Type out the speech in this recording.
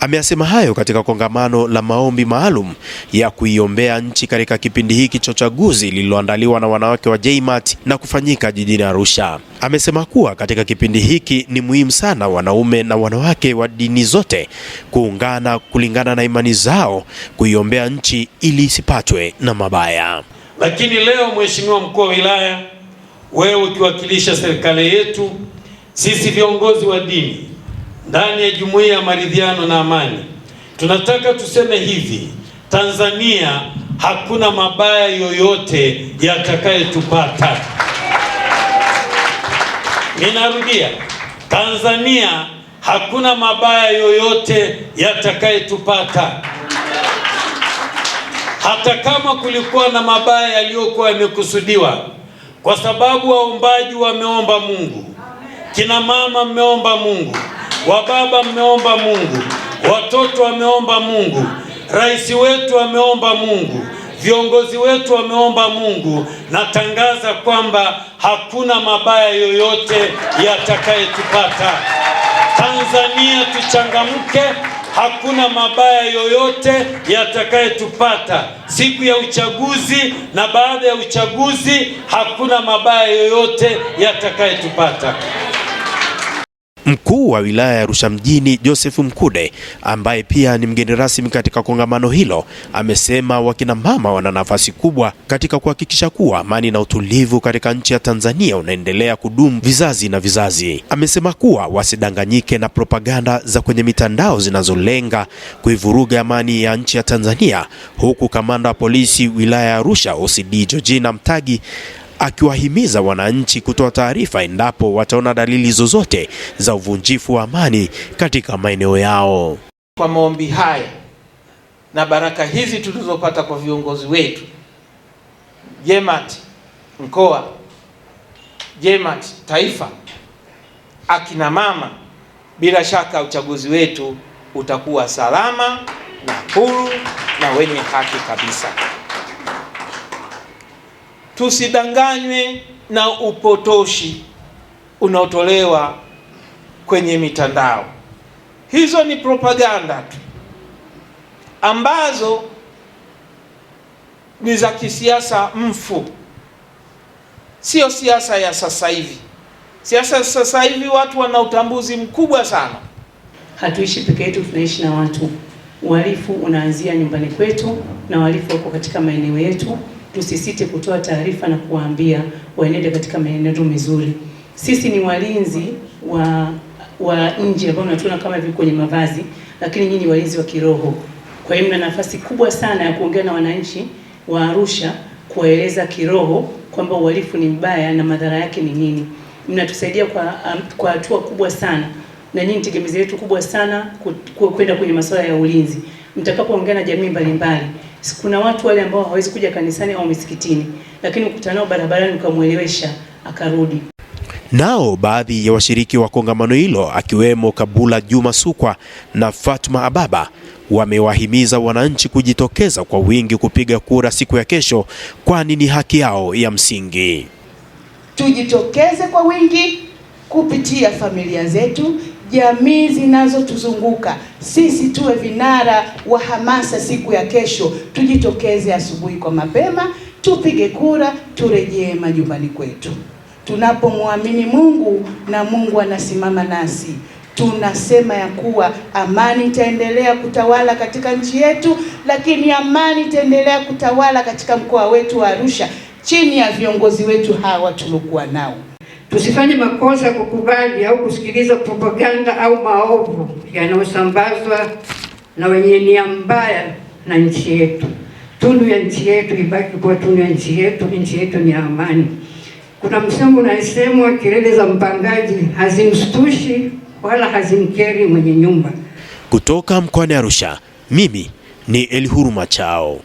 Ameyasema hayo katika kongamano la maombi maalum ya kuiombea nchi katika kipindi hiki cha uchaguzi lililoandaliwa na wanawake wa JMAT na kufanyika jijini Arusha. Amesema kuwa katika kipindi hiki ni muhimu sana wanaume na wanawake wa dini zote kuungana kulingana na imani zao kuiombea nchi ili isipatwe na mabaya. Lakini leo, Mheshimiwa Mkuu wa Wilaya, wewe ukiwakilisha serikali yetu, sisi viongozi wa dini ndani ya jumuiya ya maridhiano na amani. Tunataka tuseme hivi, Tanzania hakuna mabaya yoyote yatakayotupata. Ninarudia, Tanzania hakuna mabaya yoyote yatakayetupata. Hata kama kulikuwa na mabaya yaliyokuwa yamekusudiwa, kwa sababu waombaji wameomba Mungu, kina mama mmeomba Mungu Wababa mmeomba Mungu, watoto wameomba Mungu, rais wetu ameomba Mungu, viongozi wetu wameomba Mungu. Natangaza kwamba hakuna mabaya yoyote yatakayetupata. Tanzania tuchangamke, hakuna mabaya yoyote yatakayetupata siku ya uchaguzi na baada ya uchaguzi, hakuna mabaya yoyote yatakayetupata. Mkuu wa wilaya ya Arusha mjini Joseph Mkude, ambaye pia ni mgeni rasmi katika kongamano hilo, amesema wakina mama wana nafasi kubwa katika kuhakikisha kuwa amani na utulivu katika nchi ya Tanzania unaendelea kudumu vizazi na vizazi. Amesema kuwa wasidanganyike na propaganda za kwenye mitandao zinazolenga kuivuruga amani ya nchi ya Tanzania, huku kamanda wa polisi wilaya ya Arusha OCD Georgina Mtagi akiwahimiza wananchi kutoa taarifa endapo wataona dalili zozote za uvunjifu wa amani katika maeneo yao. Kwa maombi haya na baraka hizi tulizopata kwa viongozi wetu JEMAT mkoa, JEMAT taifa, akina mama, bila shaka uchaguzi wetu utakuwa salama na huru na wenye haki kabisa tusidanganywe na upotoshi unaotolewa kwenye mitandao. Hizo ni propaganda tu ambazo ni za kisiasa mfu, sio siasa ya sasa hivi. Siasa ya sasa hivi watu wana utambuzi mkubwa sana. Hatuishi peke yetu, tunaishi na watu. Uhalifu unaanzia nyumbani kwetu na wahalifu wako katika maeneo yetu tusisite kutoa taarifa na kuwaambia waenende katika maenendo mizuri. Sisi ni walinzi wa wa nje ambao natuona kama hivi kwenye mavazi, lakini nyinyi ni walinzi wa kiroho. Kwa hiyo mna nafasi kubwa sana ya kuongea na wananchi wa Arusha, kuwaeleza kiroho kwamba uhalifu ni mbaya na madhara yake ni nini. Mnatusaidia kwa um, kwa hatua kubwa sana, na nyinyi tegemezi letu kubwa sana kwenda kwenye masuala ya ulinzi. Mtakapoongea na jamii mbalimbali kuna watu wale ambao hawawezi kuja kanisani au misikitini, lakini ukutanao barabarani ukamwelewesha akarudi. Nao baadhi ya washiriki wa kongamano hilo akiwemo Kabula Juma Sukwa na fatma Ababa wamewahimiza wananchi kujitokeza kwa wingi kupiga kura siku ya kesho, kwani ni haki yao ya msingi. Tujitokeze kwa wingi kupitia familia zetu, jamii zinazotuzunguka sisi tuwe vinara wa hamasa siku ya kesho. Tujitokeze asubuhi kwa mapema, tupige kura, turejee majumbani kwetu. Tunapomwamini Mungu na Mungu anasimama nasi, tunasema ya kuwa amani itaendelea kutawala katika nchi yetu, lakini amani itaendelea kutawala katika mkoa wetu wa Arusha chini ya viongozi wetu hawa tuliokuwa nao. Tusifanye makosa ya kukubali au kusikiliza propaganda au maovu yanayosambazwa na wenye nia mbaya na nchi yetu. Tunu ya nchi yetu ibaki kuwa tunu ya nchi yetu. Nchi yetu ni amani. Kuna msemo unasemwa, kelele za mpangaji hazimstushi wala hazimkeri mwenye nyumba. Kutoka mkoani Arusha, mimi ni Elihuru Machao.